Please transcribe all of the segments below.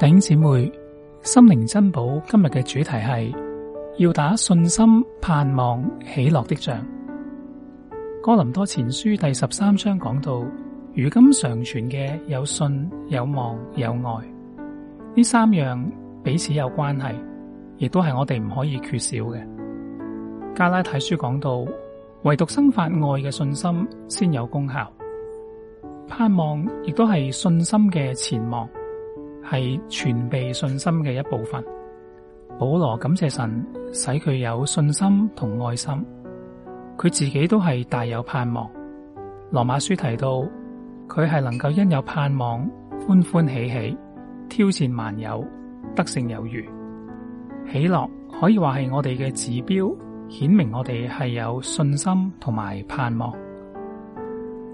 弟兄姊妹，心靈珍寶今日嘅主題係要打信心、盼望、喜樂的仗。哥林多前書第十三章講到，如今常存嘅有信、有望、有愛，呢三樣彼此有關係，亦都係我哋唔可以缺少嘅。加拉太書講到，唯獨生發愛嘅信心先有功效，盼望亦都係信心嘅前望。係全備信心嘅一部分。保羅感謝神，使佢有信心同愛心。佢自己都係大有盼望。羅馬書提到，佢係能夠因有盼望，歡歡喜喜，挑戰萬有，得勝有餘。喜樂可以話係我哋嘅指標，顯明我哋係有信心同埋盼望。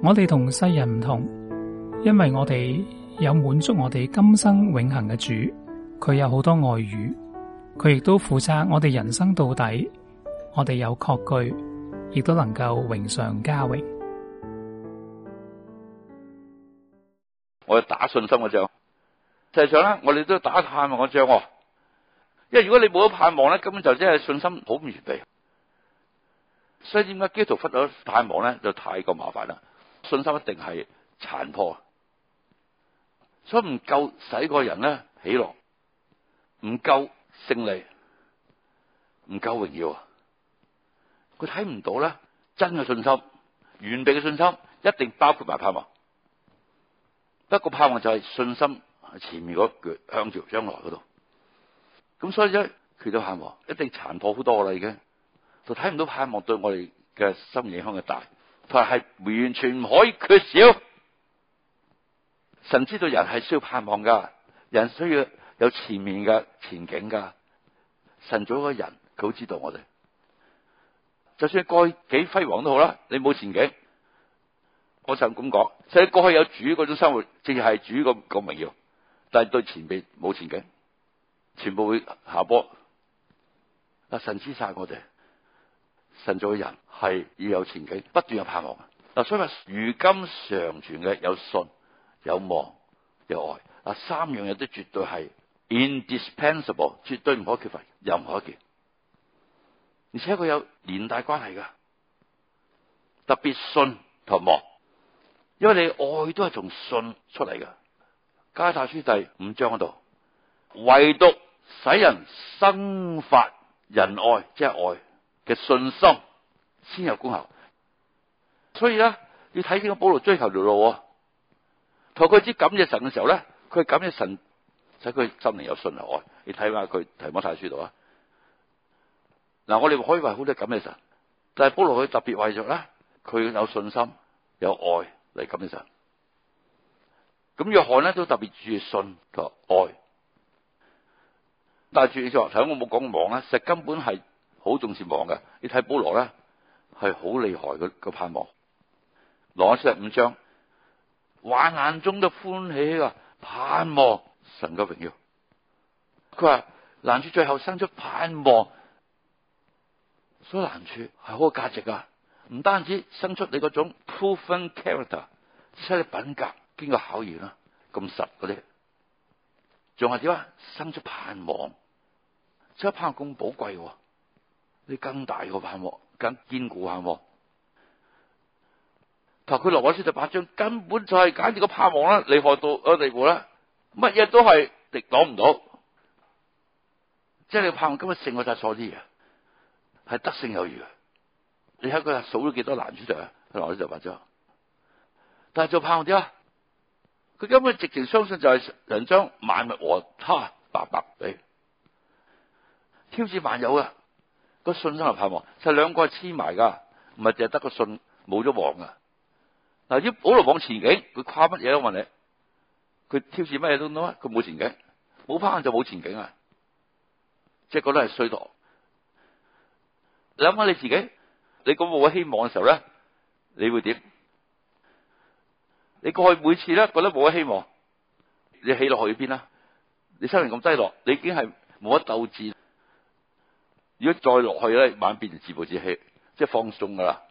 我哋同世人唔同，因為我哋有滿足我哋今生永恒嘅主，佢有好多外語，佢亦都負責我哋人生到底，我哋有確據，亦都能夠榮上加榮。我要打信心嘅仗，就係想咧，我哋都要打盼望嘅仗，因為如果你冇咗盼望咧，根本就真係信心好唔完備。所以點解基督忽略盼望咧，就太過麻煩啦。信心一定係殘破。所以唔夠使個人咧喜樂，唔夠勝利，唔夠榮耀，佢睇唔到咧真嘅信心，完備嘅信心一定包括埋盼望。不過盼望就係信心，前面嗰句「向住將來嗰度。咁所以一缺少盼望，一定殘破好多啦已經，就睇唔到盼望對我哋嘅心影響嘅大，佢係完全唔可以缺少。神知道人係需要盼望噶，人需要有前面嘅前景噶。神造嗰人，佢好知道我哋。就算該幾輝煌都好啦，你冇前景，我就咁講。所以過去有主嗰種生活，淨係主咁咁榮耀，但係對前面冇前景，全部會下坡。嗱，神知晒我哋，神造嘅人係要有前景，不斷有盼望。嗱，所以話如今常存嘅有信。有望，有愛，三樣嘢都絕對係 indispensable，絕對唔可缺乏任何一件。而且佢有連帶關係噶，特別信同望，因為你愛都係從信出嚟噶。加拉太書第五章嗰度，唯獨使人生發仁愛，即係愛嘅信心先有功效。所以咧，要睇見個保羅追求條路。同佢知感謝神嘅時候咧，佢感謝神，使佢心靈有信有愛。你睇下佢提摩太書度啊。嗱，我哋可以為好多感謝神，但係保羅佢特別為着咧，佢有信心有愛嚟感謝神。咁約翰咧都特別注意信同愛，但係注重頭先我冇講望啊，實根本係好重視望嘅。你睇保羅咧，係好厲害嘅個盼望。羅四十五章。患難中都歡喜啊！盼望神嘅榮耀。佢話難處最後生出盼望，所以難處係好有價值噶。唔單止生出你嗰種 proven character，即係你品格經過考驗啦，咁實嗰啲。仲係點啊？生出盼望，即係盼望咁寶貴，你更大個盼望，更堅固盼望。佢落羅馬書第八章，根本就係揀住個盼望啦。你害到我地步啦，乜嘢都係敵擋唔到，即係你盼望根本勝我就錯啲嘅，係得勝有餘。你睇佢數咗幾多難處出嚟啊？落咗第八章，但係做盼望啲啊！佢根本直情相信就係人將萬物和他白白俾，天賜萬有啊，嗰個信心係盼望，就兩、是、個係黐埋噶，唔係淨係得個信冇咗望啊。嗱，一保羅講前景，佢跨乜嘢都問問你，佢挑戰乜嘢都得咩？佢冇前景，冇攀就冇前景啊！即係覺得係衰墮。你諗下你自己，你覺得冇咗希望嘅時候咧，你會點？你過去每次咧覺得冇咗希望，你起落去去邊啦？你生命咁低落，你已經係冇得鬥志。如果再落去咧，慢慢變成自暴自棄，即係放鬆噶啦。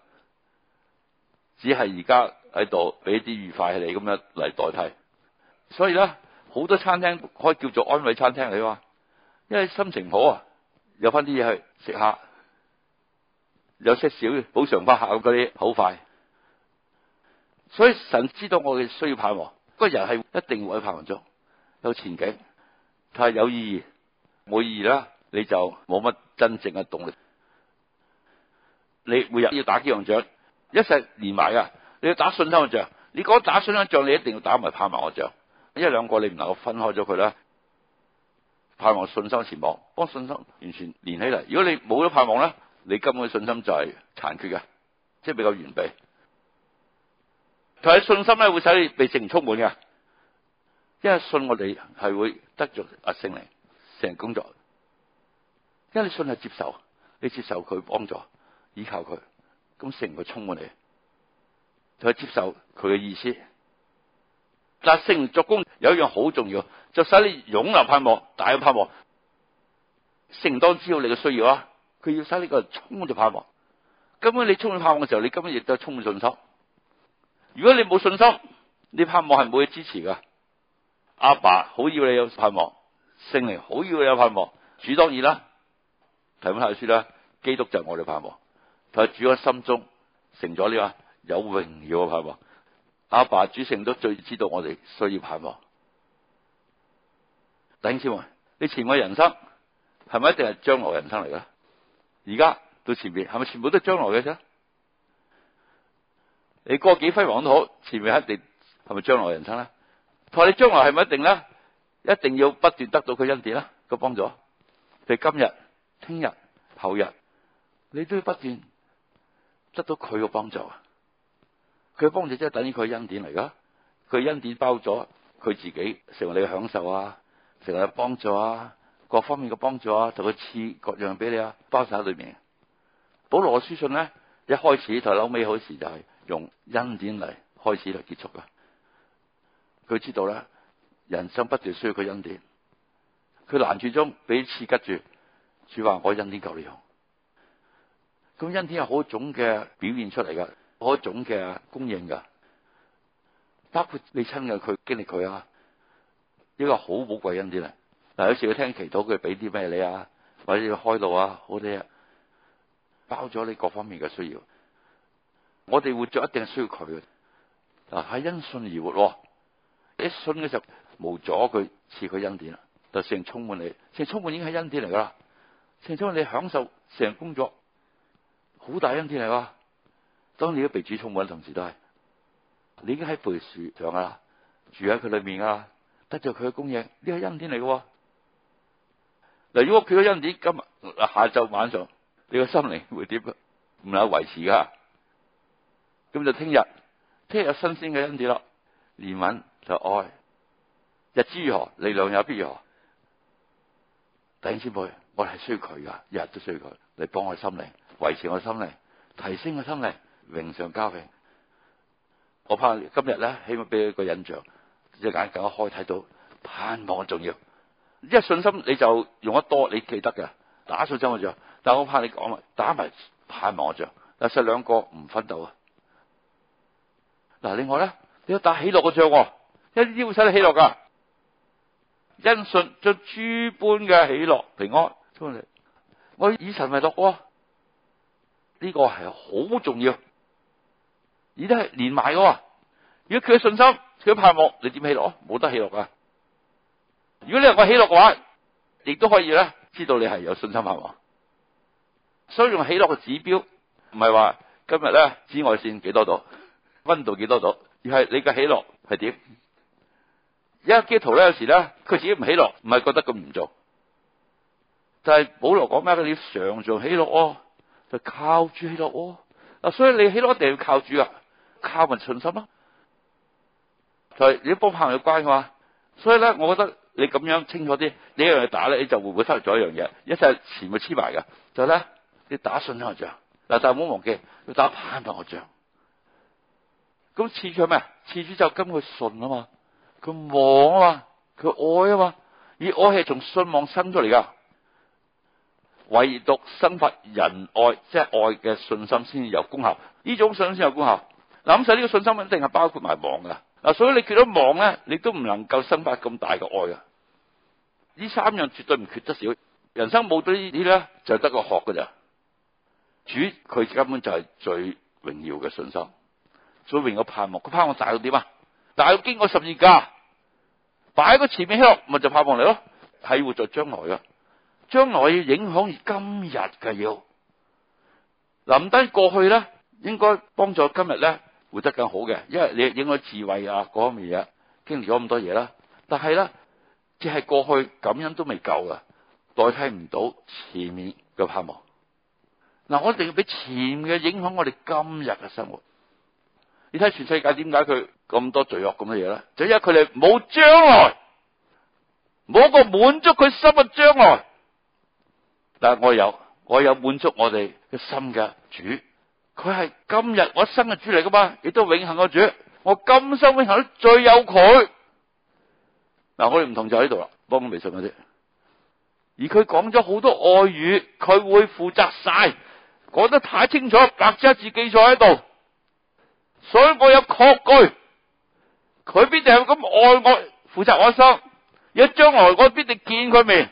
只係而家喺度俾啲愉快你咁樣嚟代替，所以咧好多餐廳可以叫做安慰餐廳。你話因為心情好啊，有翻啲嘢去食下，有些少補償翻客嗰啲好快。所以神知道我嘅需要盼望，嗰人係一定會盼望中，有前景，但係有意義，冇意義啦你就冇乜真正嘅動力，你每日要打幾樣獎。一齊連埋㗎，你要打信心仗。你講打信心仗，你一定要打埋盼望嘅仗。因為兩個你唔能夠分開咗佢啦。盼望信心前往，幫信心完全連起嚟。如果你冇咗盼望咧，你根本嘅信心就係殘缺嘅，即係比較完備。佢係信心咧會使你被聖靈充滿嘅，因為信我哋係會得着聖靈，靈成工作。因為你信係接受，你接受佢幫助，依靠佢。咁成個衝過嚟，就係接受佢嘅意思，但係聖靈作工有一樣好重要，就使你湧流盼望，大有盼望。聖靈當知道你嘅需要啊，佢要使你個衝就盼望。根本你衝去盼望嘅時候，你根本亦都充滿信心。如果你冇信心，你盼望係冇嘢支持噶。阿爸好要你有盼望，聖靈好要你有盼望，主當然啦。提摩太書啦，基督就係我哋盼望。佢主喺心中成咗呢個有榮耀嘅盼望。阿爸，爸主聖都最知道我哋需要盼望。弟兄姊你前我人生係咪一定係將來人生嚟噶？而家到前面係咪全部都係將來嘅啫？你過幾輝煌都好，前面一定係咪將來人生啦？佢話你將來係咪一定咧？一定要不斷得到佢恩典啦，佢幫助你今日、聽日、後日，你都要不斷，得到佢嘅幫助啊！佢嘅幫助即係等於佢嘅恩典嚟噶，佢恩典包咗佢自己成為你嘅享受啊，成為幫助啊，各方面嘅幫助啊，就會賜各樣俾你啊，包晒喺裏面。保羅書信咧一開始同後尾，好時代就係、是、用恩典嚟開始嚟結束噶。佢知道咧，人生不斷需要佢恩典，佢難處中俾刺拮住，主話我恩典夠你用。咁恩典有好多種嘅表現出嚟噶，好多種嘅供應噶，包括你親嘅佢經歷佢啊，呢個好寶貴恩典啊！嗱，有時佢聽祈禱佢俾啲咩你啊，或者要開道啊，我哋包咗你各方面嘅需要，我哋活着一定係需要佢嗱，係、啊、因信而活。一信嘅時候冇阻佢賜佢恩典啦，就成日充滿你，成日充滿已經係恩典嚟噶啦，成日充滿你享受成日工作。好大恩典嚟喎！當你都被主充滿同時都係，你已經喺樹上噶啦，住喺佢裏面㗎，啦，得着佢嘅供應呢個恩典嚟嘅。嗱，如果佢個恩典今日、下晝、晚上，你個心靈會點？唔能維持噶。咁就聽日，聽日有新鮮嘅恩典喇。憐憫就愛，日子如何，力量有必如何。弟兄姊妹，我哋係需要佢噶，日日都需要佢嚟幫我心靈。維持我心靈，提升我心靈，榮上加榮。我怕今日咧，希望俾佢個印象，隻眼更加開睇到盼望重要，一信心你就用得多，你記得嘅打信心嘅仗。但係我怕你講埋，打埋盼望嘅仗，但實兩個唔分到啊。嗱，另外咧，你要打喜樂嘅仗，一啲啲會使到喜樂噶。因腰腰恩信將諸般嘅喜樂平安出嚟，我以神為樂。呢、這個係好重要，而都係連埋噶。如果佢有信心，佢有盼望，你點喜樂？冇得喜樂噶。如果你有個喜樂嘅話，亦都可以咧，知道你係有信心盼望。所以用喜樂嘅指標，唔係話今日咧紫外線幾多度，溫度幾多度，而係你嘅喜樂係點。而家基督徒咧，有時咧，佢自己唔喜樂，唔係覺得咁唔做，就係保羅講咩？佢哋常做喜樂哦、啊。靠住喜樂，嗱，所以你喜樂一定要靠主啊，靠埋信心啊。就係、是、你幫朋友關嘅嘛，所以咧，我覺得你咁樣清楚啲，你一樣去打咧，你就會唔會失去咗一樣嘢，一切全部黐埋噶。就係、是、咧，你打信同仗，嗱，但係唔好忘記要打盼同個仗。咁次住係咩？次住就根個信啊嘛，佢望啊嘛，佢愛啊嘛，而愛係從信望生出嚟噶。唯獨生發仁愛，即係愛嘅信心，先至有功效。呢種信心先有功效。嗱，咁所以呢個信心肯定係包括埋望噶。嗱，所以你缺咗望咧，你都唔能夠生發咁大嘅愛啊！呢三樣絕對唔缺得少。人生冇到呢啲咧，就得個學噶咋。主佢根本就係最榮耀嘅信心，所以榮耀嘅盼望。佢盼望大到點啊？大到經過十字架，擺喺個前面香，咪就盼望你咯。係活在將來噶。將來要影響而今日嘅要，臨低過去咧，應該幫助今日咧活得更好嘅，因為你應該智慧啊嗰方面嘢經歷咗咁多嘢啦。但係咧，只係過去咁樣，都未夠嘅，代替唔到前面嘅盼望。嗱、嗯，我一定要俾前面嘅影響我哋今日嘅生活。你睇全世界點解佢咁多罪惡咁嘅嘢咧？就因為佢哋冇將來，冇一個滿足佢心嘅將來。但係我有，我有滿足我哋嘅心嘅主，佢係今日我一生嘅主嚟噶嘛，亦都永恆嘅主。我今生永恆最有佢。嗱，我哋唔同就喺呢度啦，幫個微信我先。而佢講咗好多外語，佢會負責晒，講得太清楚，百字一字記在喺度。所以我有確據，佢必定有咁愛我，負責我一生。一將來我必定見佢面。